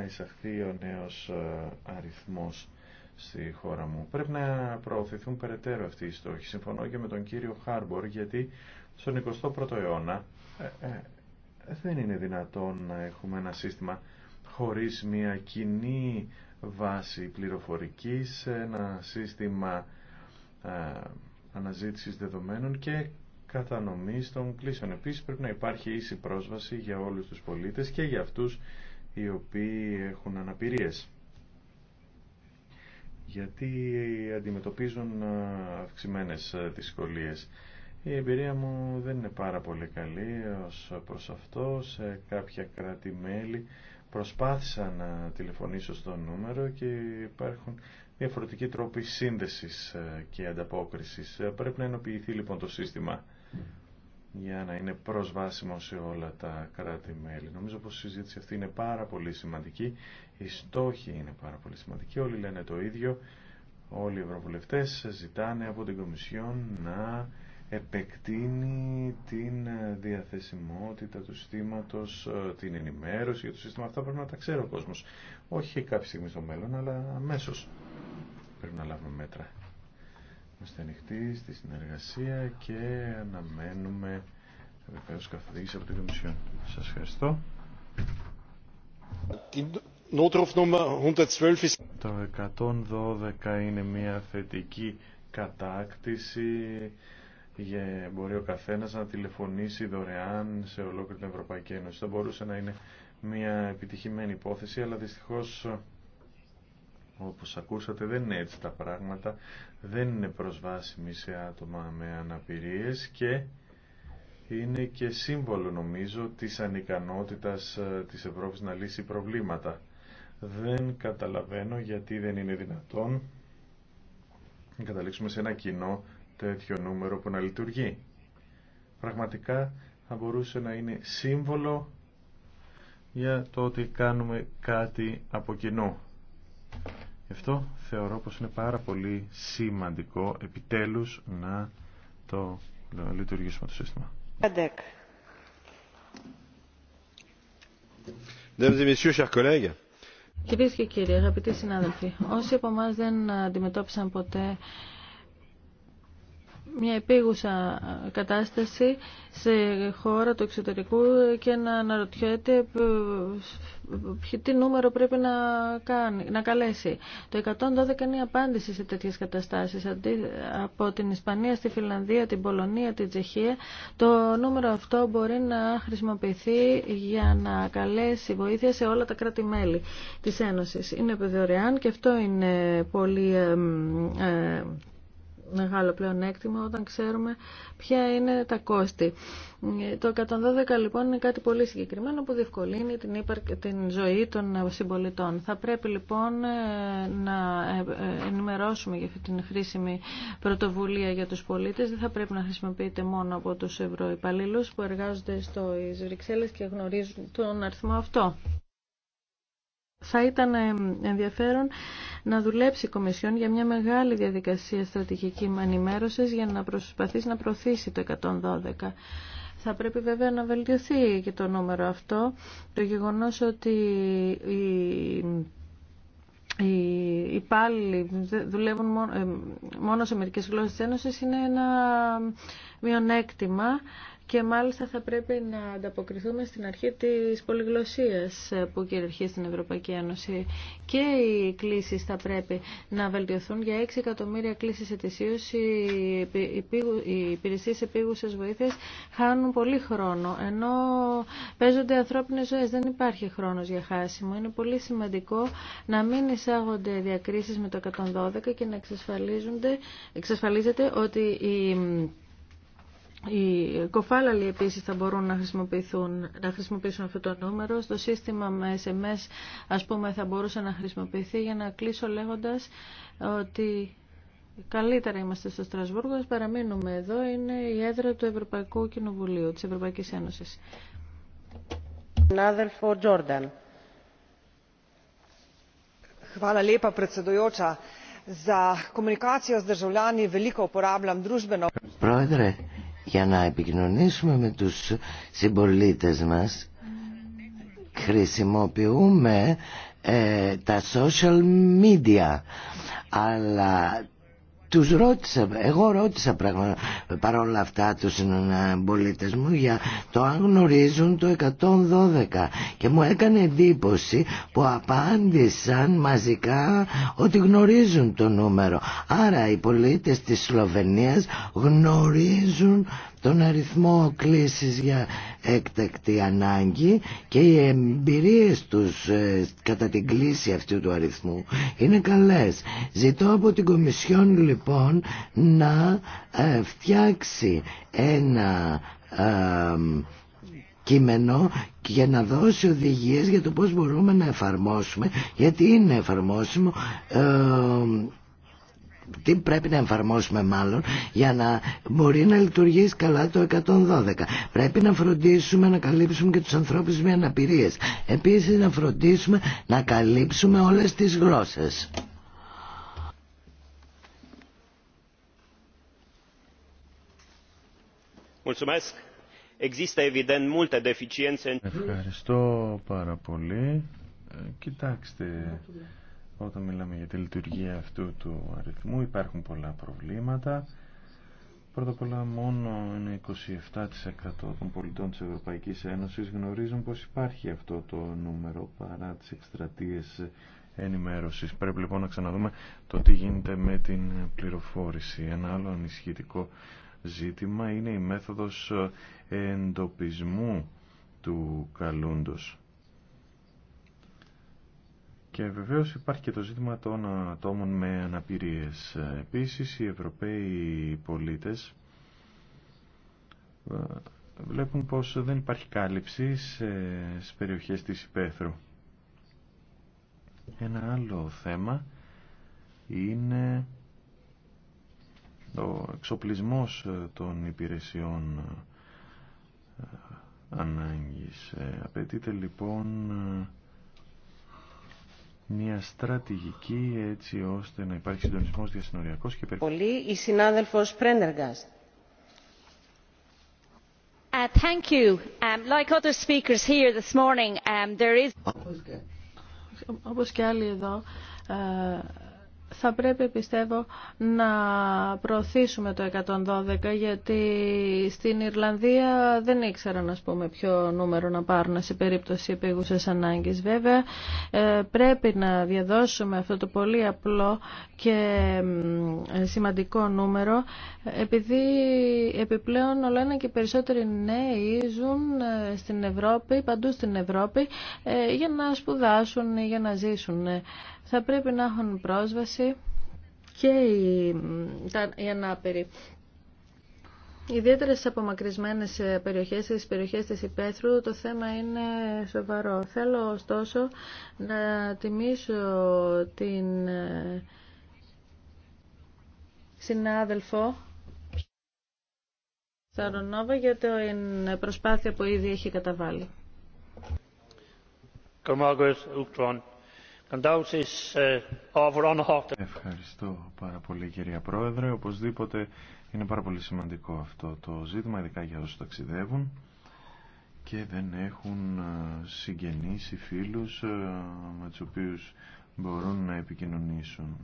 εισαχθεί ο νέος ε, αριθμός στη χώρα μου. Πρέπει να προωθηθούν περαιτέρω αυτοί οι στόχοι. Συμφωνώ και με τον κύριο Χάρμπορ γιατί στον 21ο αιώνα ε, ε, δεν είναι δυνατόν να έχουμε ένα σύστημα χωρίς μια κοινή βάση πληροφορικής, ένα σύστημα ε, αναζήτησης δεδομένων και κατανομής των κλήσεων. Επίσης πρέπει να υπάρχει ίση πρόσβαση για όλους τους πολίτες και για αυτούς οι οποίοι έχουν αναπηρίες γιατί αντιμετωπίζουν ε, αυξημένες ε, δυσκολίες. Η εμπειρία μου δεν είναι πάρα πολύ καλή ως προς αυτό. Σε κάποια κράτη-μέλη προσπάθησα να τηλεφωνήσω στο νούμερο και υπάρχουν διαφορετικοί τρόποι σύνδεσης ε, και ανταπόκρισης. Πρέπει να ενοποιηθεί λοιπόν το σύστημα για να είναι προσβάσιμο σε όλα τα κράτη-μέλη. Νομίζω πως η συζήτηση αυτή είναι πάρα πολύ σημαντική, οι στόχοι είναι πάρα πολύ σημαντικοί, όλοι λένε το ίδιο, όλοι οι ευρωβουλευτές ζητάνε από την Κομισιόν να επεκτείνει την διαθεσιμότητα του συστήματος, ε, την ενημέρωση για το σύστημα. Αυτά πρέπει να τα ξέρει ο κόσμος. Όχι κάποια στιγμή στο μέλλον, αλλά αμέσως πρέπει να λάβουμε μέτρα. Είμαστε ανοιχτοί στη συνεργασία και αναμένουμε βεβαίω καθοδήγηση από την Κομισιόν. Σας ευχαριστώ. Το 112 είναι μια θετική κατάκτηση για μπορεί ο καθένας να τηλεφωνήσει δωρεάν σε ολόκληρη την Ευρωπαϊκή Ένωση. Θα μπορούσε να είναι μια επιτυχημένη υπόθεση, αλλά δυστυχώς όπως ακούσατε δεν είναι έτσι τα πράγματα, δεν είναι προσβάσιμη σε άτομα με αναπηρίες και είναι και σύμβολο νομίζω της ανικανότητας ε, της Ευρώπης να λύσει προβλήματα. Δεν καταλαβαίνω γιατί δεν είναι δυνατόν να καταλήξουμε σε ένα κοινό τέτοιο νούμερο που να λειτουργεί. Πραγματικά θα μπορούσε να είναι σύμβολο για το ότι κάνουμε κάτι από κοινού. Γι' αυτό θεωρώ πως είναι πάρα πολύ σημαντικό επιτέλους να το λειτουργήσουμε το σύστημα. Κυρίες και κύριοι, αγαπητοί συνάδελφοι, όσοι από εμά δεν αντιμετώπισαν ποτέ μια επίγουσα κατάσταση σε χώρα του εξωτερικού και να αναρωτιέται τι νούμερο πρέπει να, κάνει, να καλέσει. Το 112 είναι η απάντηση σε τέτοιες καταστάσεις. από την Ισπανία στη Φιλανδία, την Πολωνία, την Τσεχία, το νούμερο αυτό μπορεί να χρησιμοποιηθεί για να καλέσει βοήθεια σε όλα τα κράτη-μέλη της Ένωσης. Είναι δωρεάν και αυτό είναι πολύ ε, μεγάλο πλεονέκτημα όταν ξέρουμε ποια είναι τα κόστη. Το 112 λοιπόν είναι κάτι πολύ συγκεκριμένο που διευκολύνει την, την ζωή των συμπολιτών. Θα πρέπει λοιπόν ε, να ε, ε, ενημερώσουμε για αυτή την χρήσιμη πρωτοβουλία για τους πολίτες. Δεν θα πρέπει να χρησιμοποιείται μόνο από τους ευρωϊπαλλήλους που εργάζονται στο Ισβρυξέλλες και γνωρίζουν τον αριθμό αυτό. Θα ήταν ε, ενδιαφέρον να δουλέψει η Κομισιόν για μια μεγάλη διαδικασία στρατηγική ενημέρωση για να προσπαθήσει να προωθήσει το 112. Θα πρέπει βέβαια να βελτιωθεί και το νούμερο αυτό. Το γεγονός ότι οι υπάλληλοι δουλεύουν ε, μόνο σε μερικές γλώσσες της Ένωσης είναι ένα μειονέκτημα και μάλιστα θα πρέπει να ανταποκριθούμε στην αρχή της πολυγλωσσίας που κυριαρχεί στην Ευρωπαϊκή Ένωση και οι κλήσει θα πρέπει να βελτιωθούν για 6 εκατομμύρια κλήσει ετησίω. οι υπηρεσίε επίγουσες βοήθεια χάνουν πολύ χρόνο ενώ παίζονται ανθρώπινε ζωέ δεν υπάρχει χρόνο για χάσιμο είναι πολύ σημαντικό να μην εισάγονται διακρίσει με το 112 και να εξασφαλίζονται, εξασφαλίζεται ότι οι οι κοφάλαλοι επίσης θα μπορούν να χρησιμοποιηθούν, να χρησιμοποιήσουν αυτό το νούμερο. Στο σύστημα με SMS ας πούμε θα μπορούσε να χρησιμοποιηθεί για να κλείσω λέγοντας ότι καλύτερα είμαστε στο Στρασβούργο, ας παραμείνουμε εδώ, είναι η έδρα του Ευρωπαϊκού Κοινοβουλίου, της Ευρωπαϊκής Ένωσης. Jordan. Πρόεδρε, για να επικοινωνήσουμε με τους συμπολίτες μας χρησιμοποιούμε ε, τα social media αλλά τους ρώτησα, εγώ ρώτησα παρόλα αυτά τους πολίτες μου για το αν γνωρίζουν το 112 και μου έκανε εντύπωση που απάντησαν μαζικά ότι γνωρίζουν το νούμερο. Άρα οι πολίτες της Σλοβενίας γνωρίζουν τον αριθμό κλήσεις για έκτακτη ανάγκη και οι εμπειρίες τους ε, κατά την κλίση αυτού του αριθμού είναι καλές. Ζητώ από την Κομισιόν λοιπόν να ε, φτιάξει ένα ε, κείμενο για να δώσει οδηγίες για το πώς μπορούμε να εφαρμόσουμε γιατί είναι εφαρμόσιμο τι πρέπει να εφαρμόσουμε μάλλον για να μπορεί να λειτουργήσει καλά το 112. Πρέπει να φροντίσουμε να καλύψουμε και τους ανθρώπους με αναπηρίες. Επίσης να φροντίσουμε να καλύψουμε όλες τις γλώσσες. Ευχαριστώ πάρα πολύ. Ε, κοιτάξτε, όταν μιλάμε για τη λειτουργία αυτού του αριθμού υπάρχουν πολλά προβλήματα. Πρώτα απ' όλα μόνο είναι 27% των πολιτών της Ευρωπαϊκής Ένωσης γνωρίζουν πως υπάρχει αυτό το νούμερο παρά τις εκστρατείες ενημέρωσης. Πρέπει λοιπόν να ξαναδούμε το τι γίνεται με την πληροφόρηση. Ένα άλλο ανησυχητικό ζήτημα είναι η μέθοδος εντοπισμού του καλούντος. Και βεβαίως υπάρχει και το ζήτημα των ατόμων με αναπηρίες. Επίσης οι Ευρωπαίοι πολίτες ε, βλέπουν πως δεν υπάρχει κάλυψη σε περιοχές της υπαίθρου. Ένα άλλο θέμα είναι ο εξοπλισμός των υπηρεσιών ε, ανάγκης. Ε, απαιτείται λοιπόν μια στρατηγική έτσι ώστε να υπάρχει συντονισμός διασυνοριακός και περιφερειακός. Πολύ η συνάδελφος Πρένεργας. Uh, thank you. Um, like other speakers here this morning, um, there is... Όπως και άλλοι εδώ, uh, θα πρέπει πιστεύω να προωθήσουμε το 112 γιατί στην Ιρλανδία δεν ήξεραν να πούμε ποιο νούμερο να πάρουν σε περίπτωση επίγουσας ανάγκης βέβαια ε, πρέπει να διαδώσουμε αυτό το πολύ απλό και σημαντικό νούμερο επειδή επιπλέον όλο ένα και περισσότεροι νέοι ζουν ε, στην Ευρώπη, παντού στην Ευρώπη ε, για να σπουδάσουν ή για να ζήσουν θα πρέπει να έχουν πρόσβαση και οι, τα, οι ανάπηροι. Ιδιαίτερα στι απομακρυσμένε περιοχέ, στι περιοχέ τη Υπαίθρου, το θέμα είναι σοβαρό. Θέλω ωστόσο να τιμήσω την ε, συνάδελφο Σαρονόβα για την προσπάθεια που ήδη έχει καταβάλει. Uh, Ευχαριστώ πάρα πολύ κυρία Πρόεδρε. Οπωσδήποτε είναι πάρα πολύ σημαντικό αυτό το ζήτημα, ειδικά για όσους ταξιδεύουν και δεν έχουν ε, συγγενείς ή φίλους ε, με τους οποίους μπορούν να επικοινωνήσουν.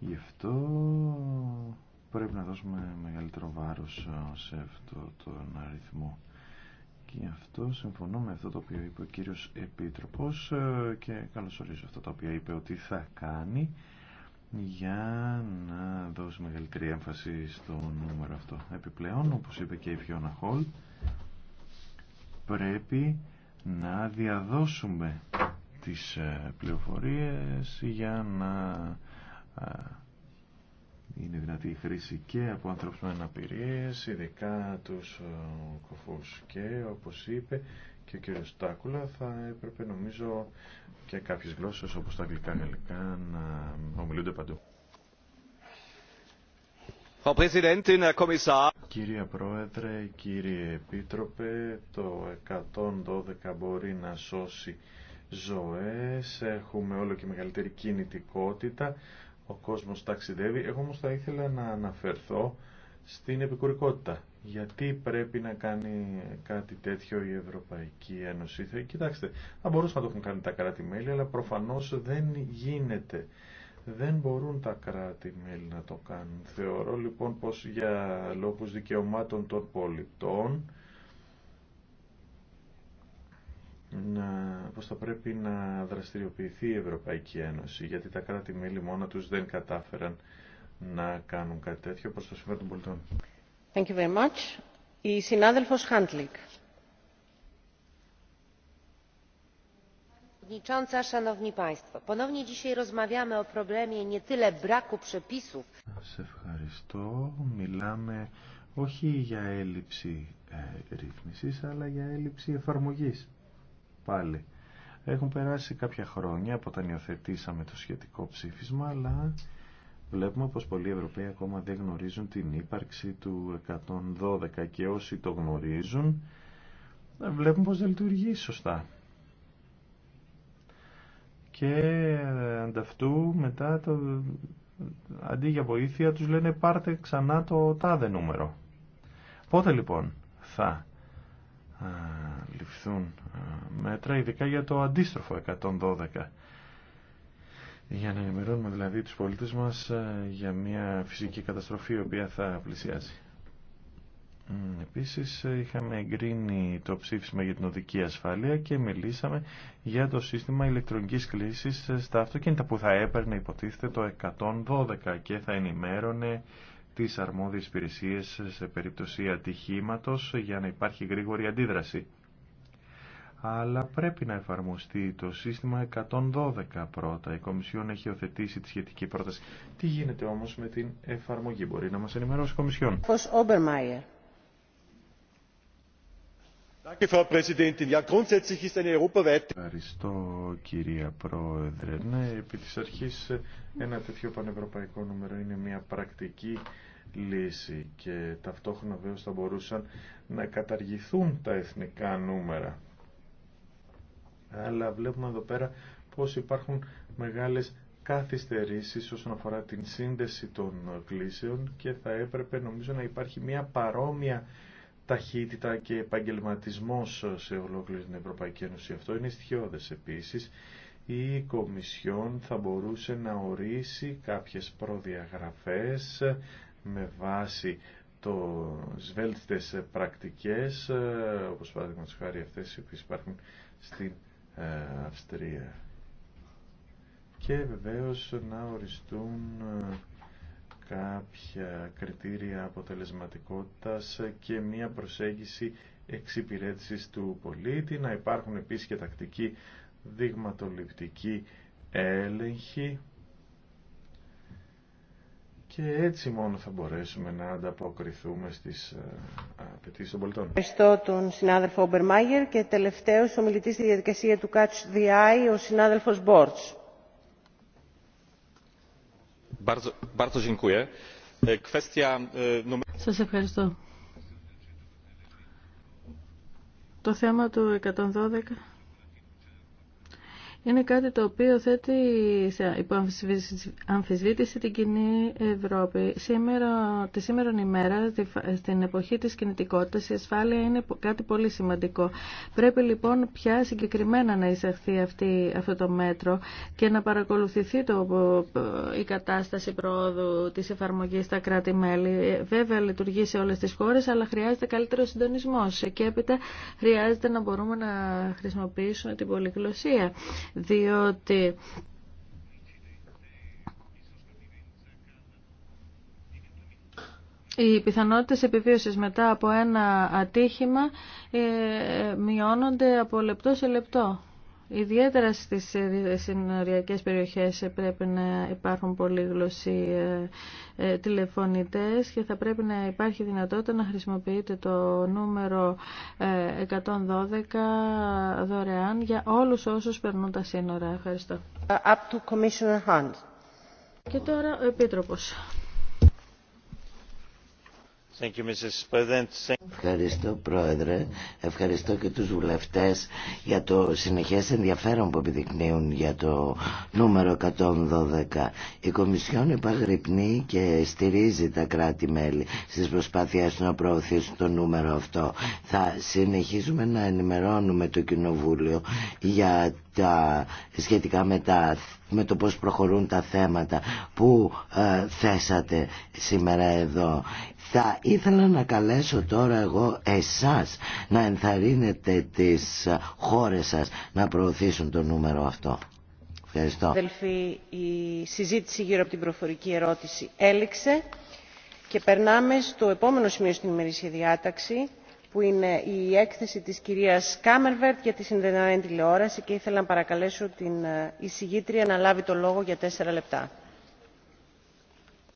Γι' αυτό πρέπει να δώσουμε μεγαλύτερο βάρος ε, σε αυτό τον αριθμό. Και αυτό συμφωνώ με αυτό το οποίο είπε ο κύριος Επίτροπος ε, και καλωσορίζω αυτό το οποίο είπε ότι θα κάνει για να δώσει μεγαλύτερη έμφαση στο νούμερο αυτό. Επιπλέον, όπως είπε και η Φιώνα Χολ, πρέπει να διαδώσουμε τις ε, πληροφορίες για να ε, είναι δυνατή η χρήση και από ανθρώπους με αναπηρίες, ειδικά τους ε, κοφούς και όπως είπε και ο κύριος Τάκουλα θα έπρεπε νομίζω και κάποιες γλώσσες όπως τα αγγλικά γαλλικά να ομιλούνται παντού. Κύριε Πρόεδρε, κύριε Επίτροπε, το 112 μπορεί να σώσει ζωές, έχουμε όλο και μεγαλύτερη κινητικότητα, ο κόσμος ταξιδεύει. Εγώ όμως θα ήθελα να αναφερθώ στην επικουρικότητα. Γιατί πρέπει να κάνει κάτι τέτοιο η Ευρωπαϊκή Ένωση. Κοιτάξτε, θα μπορούσαν να το έχουν κάνει τα κράτη-μέλη, αλλά προφανώς δεν γίνεται. Δεν μπορούν τα κράτη-μέλη να το κάνουν. Θεωρώ λοιπόν πως για λόγους δικαιωμάτων των πολιτών να, πως θα πρέπει να δραστηριοποιηθεί η Ευρωπαϊκή Ένωση, γιατί τα κράτη-μέλη μόνα τους δεν κατάφεραν να κάνουν κάτι τέτοιο προς το συμφέρον των πολιτών. Thank you very much. συνάδελφος Χάντλικ. ευχαριστώ. Μιλάμε όχι για έλλειψη ε, ρύθμισης, αλλά για έλλειψη εφαρμογής πάλι. Έχουν περάσει κάποια χρόνια από όταν υιοθετήσαμε το σχετικό ψήφισμα, αλλά βλέπουμε πως πολλοί Ευρωπαίοι ακόμα δεν γνωρίζουν την ύπαρξη του 112 και όσοι το γνωρίζουν βλέπουν πως δεν λειτουργεί σωστά. Και ανταυτού μετά το, αντί για βοήθεια τους λένε πάρτε ξανά το τάδε νούμερο. Πότε λοιπόν θα ληφθούν ε, μέτρα, ειδικά για το αντίστροφο 112 για να ενημερώνουμε δηλαδή τους πολίτες μας ε, για μια φυσική καταστροφή η οποία θα πλησιάζει. Επίσης ε, είχαμε εγκρίνει το ψήφισμα για την οδική ασφάλεια και μιλήσαμε για το σύστημα ηλεκτρονικής κλήσης στα αυτοκίνητα που θα έπαιρνε υποτίθεται το 112 και θα ενημέρωνε τις αρμόδιες υπηρεσίες σε περίπτωση ατυχήματος για να υπάρχει γρήγορη αντίδραση αλλά πρέπει να εφαρμοστεί το σύστημα 112 πρώτα. Η Κομισιόν έχει οθετήσει τη σχετική πρόταση. Τι γίνεται όμως με την εφαρμογή, μπορεί να μας ενημερώσει η Κομισιόν. Ευχαριστώ κυρία Πρόεδρε. Ναι, επί της αρχής ένα τέτοιο πανευρωπαϊκό νούμερο είναι μια πρακτική λύση και ταυτόχρονα βέβαια θα μπορούσαν να καταργηθούν τα εθνικά νούμερα αλλά βλέπουμε εδώ πέρα πως υπάρχουν μεγάλες καθυστερήσεις όσον αφορά την σύνδεση των κλήσεων και θα έπρεπε νομίζω να υπάρχει μια παρόμοια ταχύτητα και επαγγελματισμό σε ολόκληρη την Ευρωπαϊκή Ένωση. Αυτό είναι στοιχειώδες επίσης. Η Κομισιόν θα μπορούσε να ορίσει κάποιες προδιαγραφές με βάση το σβέλτιστες πρακτικές, όπως παραδείγματος χάρη αυτές οι οποίες υπάρχουν στην ε, Αυστρία. Και βεβαίως να οριστούν ε, κάποια κριτήρια αποτελεσματικότητας και μία προσέγγιση εξυπηρέτησης του πολίτη, να υπάρχουν επίσης και τακτικοί δειγματοληπτικοί έλεγχοι και έτσι μόνο θα μπορέσουμε να ανταποκριθούμε στις ε, απαιτήσει των πολιτών. Ευχαριστώ τον συνάδελφο Ομπερμάγερ και τελευταίος μιλητής στη διαδικασία του Catch the Eye, ο συνάδελφος Μπόρτς. E, e, Σας ευχαριστώ. Το θέμα του 112 είναι κάτι το οποίο θέτει υπό αμφισβήτηση την κοινή Ευρώπη. Σήμερα, τη σήμερα ημέρα, στην εποχή της κινητικότητας, η ασφάλεια είναι κάτι πολύ σημαντικό. Πρέπει λοιπόν πια συγκεκριμένα να εισαχθεί αυτή, αυτό το μέτρο και να παρακολουθηθεί το, η κατάσταση προόδου της εφαρμογής στα κράτη-μέλη. Βέβαια λειτουργεί σε όλες τις χώρες, αλλά χρειάζεται καλύτερο συντονισμός και έπειτα χρειάζεται να μπορούμε να χρησιμοποιήσουμε την πολυγλωσία διότι Οι πιθανότητες επιβίωσης μετά από ένα ατύχημα ε, μειώνονται από λεπτό σε λεπτό. Ιδιαίτερα στις ε, ε, συνοριακές περιοχές ε, πρέπει να υπάρχουν ε, τηλεφωνητές και θα πρέπει να υπάρχει δυνατότητα να χρησιμοποιείτε το νούμερο 112 δωρεάν για όλους όσους περνούν τα σύνορα. Ευχαριστώ. Up to Commissioner Και τώρα ο Επίτροπος. Ευχαριστώ Πρόεδρε, ευχαριστώ και τους βουλευτές για το συνεχές ενδιαφέρον που επιδεικνύουν για το νούμερο 112. Η Κομισιόν υπαγρυπνεί και στηρίζει τα κράτη-μέλη στις προσπάθειές να προωθήσουν το νούμερο αυτό. Θα συνεχίζουμε να ενημερώνουμε το Κοινοβούλιο για τα, σχετικά με, το πώς προχωρούν τα θέματα που ε, θέσατε σήμερα εδώ. Θα ήθελα να καλέσω τώρα εγώ εσάς να ενθαρρύνετε τις χώρες σας να προωθήσουν το νούμερο αυτό. Ευχαριστώ. Αδελφοί, η συζήτηση γύρω από την προφορική ερώτηση έληξε και περνάμε στο επόμενο σημείο στην ημερήσια διάταξη που είναι η έκθεση της κυρίας Κάμερβερτ για τη συνδεδεμένη τηλεόραση και ήθελα να παρακαλέσω την ε, εισηγήτρια να λάβει το λόγο για τέσσερα λεπτά.